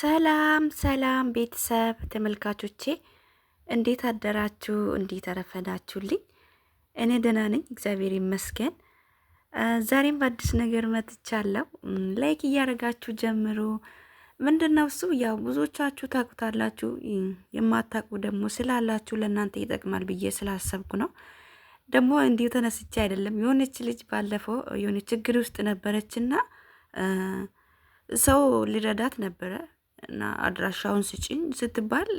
ሰላም ሰላም ቤተሰብ ተመልካቾቼ እንዴት አደራችሁ? እንዴት አረፈዳችሁልኝ? እኔ ደህና ነኝ፣ እግዚአብሔር ይመስገን። ዛሬም በአዲስ ነገር መጥቻለሁ። ላይክ እያደረጋችሁ ጀምሩ። ምንድን ነው እሱ? ያው ብዙዎቻችሁ ታውቁታላችሁ፣ የማታውቁ ደግሞ ስላላችሁ ለእናንተ ይጠቅማል ብዬ ስላሰብኩ ነው። ደግሞ እንዲሁ ተነስቼ አይደለም። የሆነች ልጅ ባለፈው የሆነ ችግር ውስጥ ነበረችና ሰው ሊረዳት ነበረ እና አድራሻውን ስጭኝ ስትባል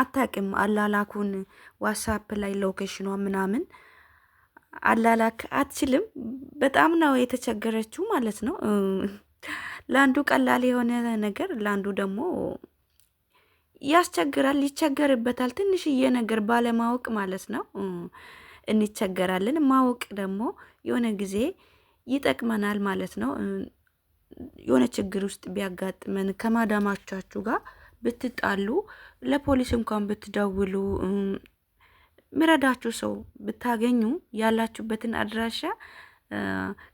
አታቅም አላላኩን ዋትሳፕ ላይ ሎኬሽኗ ምናምን አላላክ አትችልም። በጣም ነው የተቸገረችው ማለት ነው። ለአንዱ ቀላል የሆነ ነገር ለአንዱ ደግሞ ያስቸግራል፣ ይቸገርበታል። ትንሽዬ ነገር ባለማወቅ ማለት ነው እንቸገራለን። ማወቅ ደግሞ የሆነ ጊዜ ይጠቅመናል ማለት ነው። የሆነ ችግር ውስጥ ቢያጋጥመን ከማዳማቻችሁ ጋር ብትጣሉ ለፖሊስ እንኳን ብትደውሉ ምረዳችሁ ሰው ብታገኙ ያላችሁበትን አድራሻ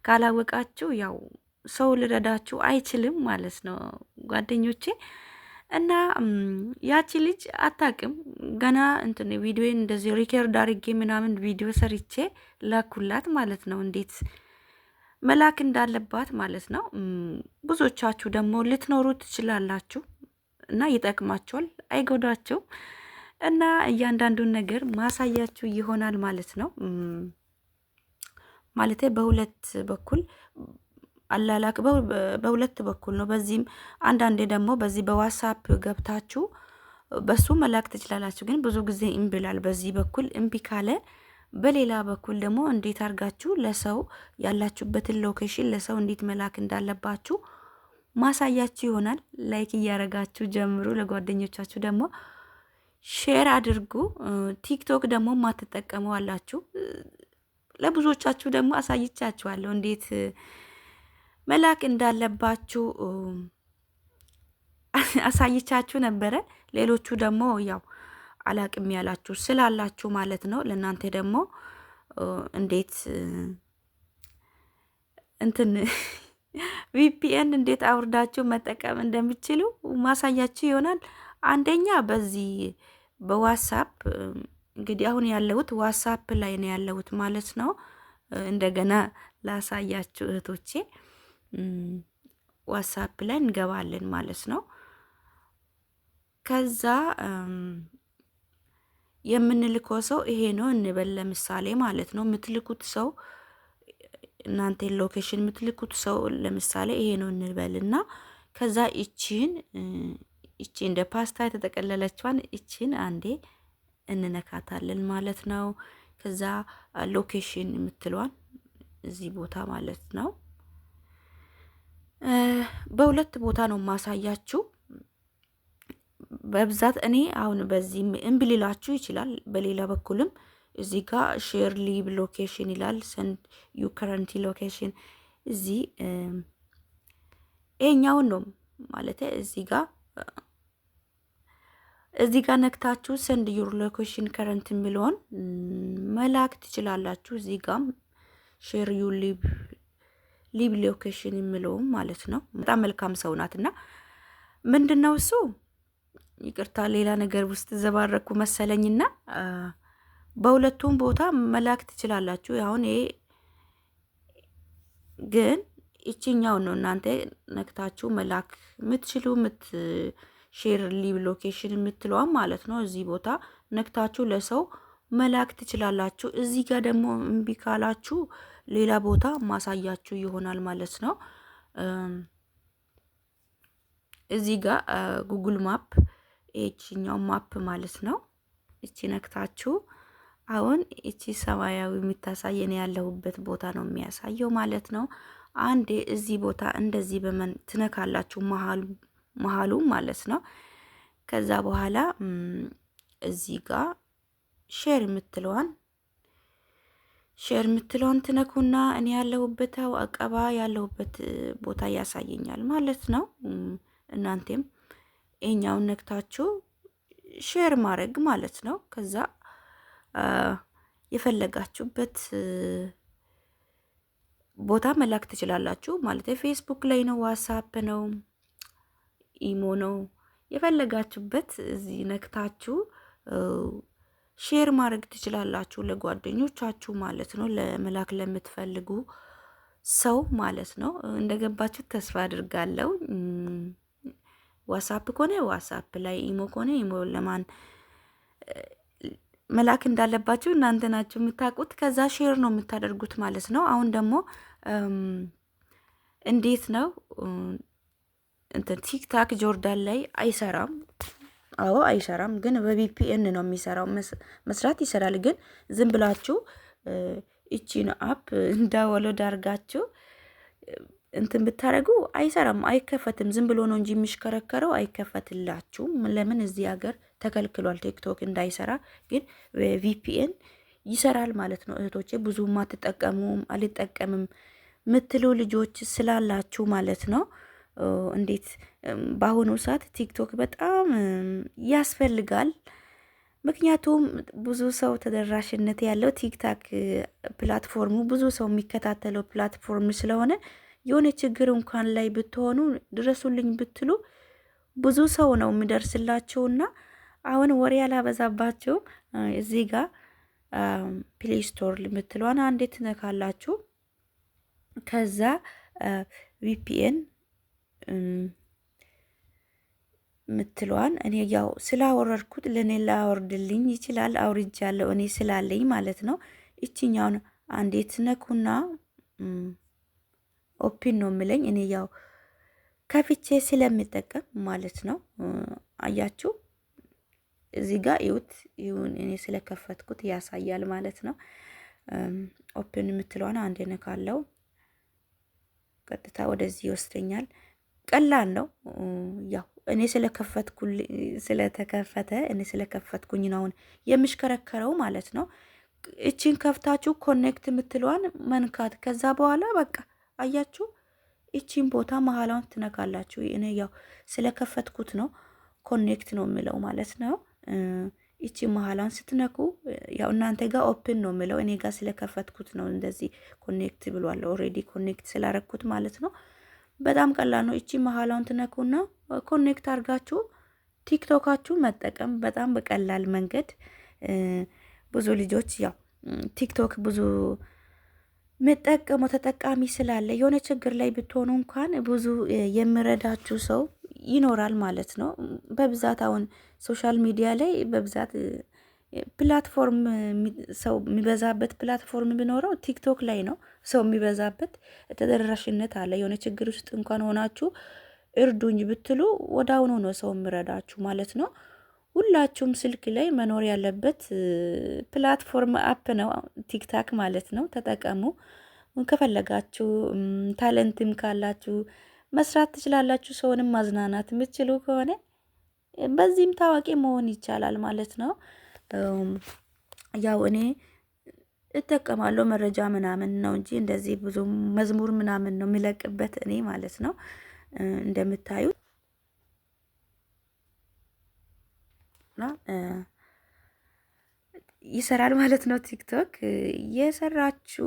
ካላወቃችሁ ያው ሰው ልረዳችሁ አይችልም ማለት ነው ጓደኞቼ። እና ያቺ ልጅ አታቅም ገና እንትን ቪዲዮን እንደዚህ ሪከርድ አድርጌ ምናምን ቪዲዮ ሰርቼ ላኩላት ማለት ነው እንዴት መላክ እንዳለባት ማለት ነው። ብዙዎቻችሁ ደግሞ ልትኖሩ ትችላላችሁ እና ይጠቅማችኋል፣ አይጎዳቸው እና እያንዳንዱን ነገር ማሳያችሁ ይሆናል ማለት ነው። ማለቴ በሁለት በኩል አላላክ በሁለት በኩል ነው። በዚህም አንዳንዴ ደግሞ በዚህ በዋትሳፕ ገብታችሁ በሱ መላክ ትችላላችሁ። ግን ብዙ ጊዜ እምብላል በዚህ በኩል እምቢ ካለ በሌላ በኩል ደግሞ እንዴት አድርጋችሁ ለሰው ያላችሁበትን ሎኬሽን ለሰው እንዴት መላክ እንዳለባችሁ ማሳያችሁ ይሆናል። ላይክ እያረጋችሁ ጀምሩ። ለጓደኞቻችሁ ደግሞ ሼር አድርጉ። ቲክቶክ ደግሞ ማትጠቀሙ አላችሁ። ለብዙዎቻችሁ ደግሞ አሳይቻችኋለሁ እንዴት መላክ እንዳለባችሁ አሳይቻችሁ ነበረ። ሌሎቹ ደግሞ ያው አላቅም ያላችሁ ስላላችሁ ማለት ነው። ለእናንተ ደግሞ እንዴት እንትን ቪፒኤን እንዴት አውርዳችሁ መጠቀም እንደምችሉ ማሳያችሁ ይሆናል። አንደኛ በዚህ በዋትሳፕ እንግዲህ አሁን ያለሁት ዋትሳፕ ላይ ነው ያለሁት ማለት ነው። እንደገና ላሳያችሁ እህቶቼ፣ ዋትሳፕ ላይ እንገባለን ማለት ነው ከዛ የምንልከው ሰው ይሄ ነው እንበል ለምሳሌ ማለት ነው። የምትልኩት ሰው እናንተ ሎኬሽን የምትልኩት ሰው ለምሳሌ ይሄ ነው እና ከዛ እቺን እቺ እንደ ፓስታ የተጠቀለለችዋን እቺን አንዴ እንነካታለን ማለት ነው። ከዛ ሎኬሽን የምትሏን እዚህ ቦታ ማለት ነው። በሁለት ቦታ ነው ማሳያችሁ። በብዛት እኔ አሁን በዚህ እምቢ ሊላችሁ ይችላል። በሌላ በኩልም እዚህ ጋ ሼር ሊቭ ሎኬሽን ይላል ሰንድ ዩ ከረንቲ ሎኬሽን እዚህ ይሄኛውን ነው ማለት እዚህ ጋ እዚህ ጋር ነክታችሁ ሰንድ ዩር ሎኬሽን ከረንት የሚለውን መላክ ትችላላችሁ። እዚህ ጋም ሼር ዩ ሊቭ ሎኬሽን የሚለውም ማለት ነው። በጣም መልካም ሰው ናት እና ምንድን ነው እሱ ይቅርታ ሌላ ነገር ውስጥ ዘባረኩ መሰለኝና በሁለቱም ቦታ መላክ ትችላላችሁ። አሁን ይሄ ግን ይችኛው ነው እናንተ ነክታችሁ መላክ የምትችሉ ሼር ሊቭ ሎኬሽን የምትለዋም ማለት ነው። እዚህ ቦታ ነክታችሁ ለሰው መላክ ትችላላችሁ። እዚህ ጋር ደግሞ እምቢ ካላችሁ ሌላ ቦታ ማሳያችሁ ይሆናል ማለት ነው። እዚህ ጋር ጉግል ማፕ ይችኛው ማፕ ማለት ነው። እቺ ነክታችሁ አሁን እቺ ሰማያዊ የምታሳይ እኔ ያለሁበት ቦታ ነው የሚያሳየው ማለት ነው። አንዴ እዚህ ቦታ እንደዚህ በመን ትነካላችሁ መሀሉ ማለት ነው። ከዛ በኋላ እዚህ ጋር ሼር የምትለዋን ሼር የምትለውን ትነኩና እኔ ያለሁበት አቀባ ያለሁበት ቦታ ያሳየኛል ማለት ነው እናንቴም ይሄኛውን ነክታችሁ ሼር ማድረግ ማለት ነው። ከዛ የፈለጋችሁበት ቦታ መላክ ትችላላችሁ ማለት ፌስቡክ ላይ ነው፣ ዋትሳፕ ነው፣ ኢሞ ነው። የፈለጋችሁበት እዚህ ነክታችሁ ሼር ማድረግ ትችላላችሁ ለጓደኞቻችሁ ማለት ነው፣ ለመላክ ለምትፈልጉ ሰው ማለት ነው። እንደገባችሁ ተስፋ አድርጋለሁ። ዋትሳፕ ከሆነ ዋትሳፕ ላይ፣ ኢሞ ከሆነ ኢሞ ለማን መላክ እንዳለባችሁ እናንተ ናችሁ የምታውቁት። ከዛ ሼር ነው የምታደርጉት ማለት ነው። አሁን ደግሞ እንዴት ነው ቲክታክ ጆርዳን ላይ አይሰራም? አዎ አይሰራም፣ ግን በቪፒኤን ነው የሚሰራው። መስራት ይሰራል፣ ግን ዝም ብላችሁ እቺን አፕ እንዳወሎድ አድርጋችሁ እንትን ብታደረጉ አይሰራም፣ አይከፈትም። ዝም ብሎ ነው እንጂ የሚሽከረከረው አይከፈትላችሁም። ለምን እዚህ ሀገር ተከልክሏል ቲክቶክ እንዳይሰራ፣ ግን ቪፒኤን ይሰራል ማለት ነው። እህቶቼ ብዙ አትጠቀሙም አልጠቀምም ምትሉ ልጆች ስላላችሁ ማለት ነው። እንዴት በአሁኑ ሰዓት ቲክቶክ በጣም ያስፈልጋል። ምክንያቱም ብዙ ሰው ተደራሽነት ያለው ቲክታክ ፕላትፎርሙ ብዙ ሰው የሚከታተለው ፕላትፎርም ስለሆነ የሆነ ችግር እንኳን ላይ ብትሆኑ ድረሱልኝ ብትሉ ብዙ ሰው ነው የሚደርስላችሁና አሁን ወሬ ያላበዛባችሁ እዚህ ጋር ፕሌይ ስቶር አንዴ ትነካላችሁ። ከዛ ቪፒኤን ምትሏን እኔ ያው ስላወረድኩት ለእኔ ላወርድልኝ ይችላል። አውርጃለሁ እኔ ስላለኝ ማለት ነው። ይችኛውን አንዴ ትነኩና ኦፒን ነው የምለኝ እኔ ያው ከፍቼ ስለምጠቀም ማለት ነው። አያችሁ እዚህ ጋር ይዩት። ይሁን እኔ ስለከፈትኩት ያሳያል ማለት ነው። ኦፕን የምትለዋን አንድ ነካለው፣ ቀጥታ ወደዚህ ይወስደኛል። ቀላል ነው ያው እኔ ስለከፈትኩ ስለተከፈተ እኔ ስለከፈትኩኝ ነው አሁን የሚሽከረከረው ማለት ነው። እቺን ከፍታችሁ ኮኔክት የምትለዋን መንካት ከዛ በኋላ በቃ አያችሁ፣ እቺን ቦታ መሀላውን ትነካላችሁ። እኔ ያው ስለከፈትኩት ነው ኮኔክት ነው የሚለው ማለት ነው። እቺ መሀላውን ስትነኩ ያው እናንተ ጋር ኦፕን ነው የሚለው፣ እኔ ጋር ስለከፈትኩት ነው እንደዚህ ኮኔክት ብሏል። ኦልሬዲ ኮኔክት ስላረኩት ማለት ነው። በጣም ቀላል ነው። እቺ መሀላውን ትነኩና ኮኔክት አድርጋችሁ ቲክቶካችሁ መጠቀም በጣም በቀላል መንገድ ብዙ ልጆች ያው ቲክቶክ ብዙ መጠቀሙ ተጠቃሚ ስላለ የሆነ ችግር ላይ ብትሆኑ እንኳን ብዙ የምረዳችሁ ሰው ይኖራል ማለት ነው። በብዛት አሁን ሶሻል ሚዲያ ላይ በብዛት ፕላትፎርም ሰው የሚበዛበት ፕላትፎርም ቢኖረው ቲክቶክ ላይ ነው። ሰው የሚበዛበት ተደራሽነት አለ። የሆነ ችግር ውስጥ እንኳን ሆናችሁ እርዱኝ ብትሉ ወደ አሁኑ ነው ሰው የሚረዳችሁ ማለት ነው። ሁላችሁም ስልክ ላይ መኖር ያለበት ፕላትፎርም አፕ ነው ቲክታክ ማለት ነው። ተጠቀሙ። ከፈለጋችሁ ታለንትም ካላችሁ መስራት ትችላላችሁ። ሰውንም ማዝናናት የምትችሉ ከሆነ በዚህም ታዋቂ መሆን ይቻላል ማለት ነው። ያው እኔ እጠቀማለሁ መረጃ ምናምን ነው እንጂ እንደዚህ ብዙ መዝሙር ምናምን ነው የሚለቅበት እኔ ማለት ነው እንደምታዩት ነው። ይሰራል ማለት ነው። ቲክቶክ የሰራችሁ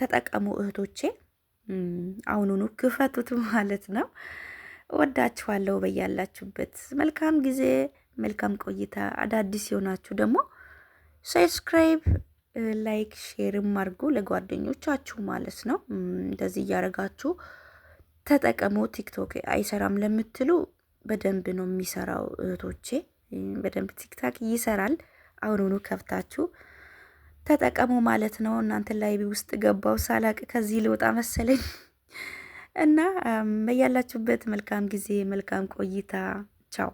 ተጠቀሙ እህቶቼ፣ አሁኑኑ ክፈቱት ማለት ነው። ወዳችኋለሁ። በያላችሁበት መልካም ጊዜ፣ መልካም ቆይታ። አዳዲስ የሆናችሁ ደግሞ ሰብስክራይብ፣ ላይክ፣ ሼርም አድርጉ ለጓደኞቻችሁ ማለት ነው። እንደዚህ እያደረጋችሁ ተጠቀሙ። ቲክቶክ አይሰራም ለምትሉ በደንብ ነው የሚሰራው እህቶቼ። በደንብ ቲክታክ ይሰራል። አሁኑኑ ከፍታችሁ ተጠቀሙ ማለት ነው። እናንተ ላይብ ውስጥ ገባው ሳላቅ ከዚህ ልውጣ መሰለኝ እና በያላችሁበት መልካም ጊዜ፣ መልካም ቆይታ። ቻው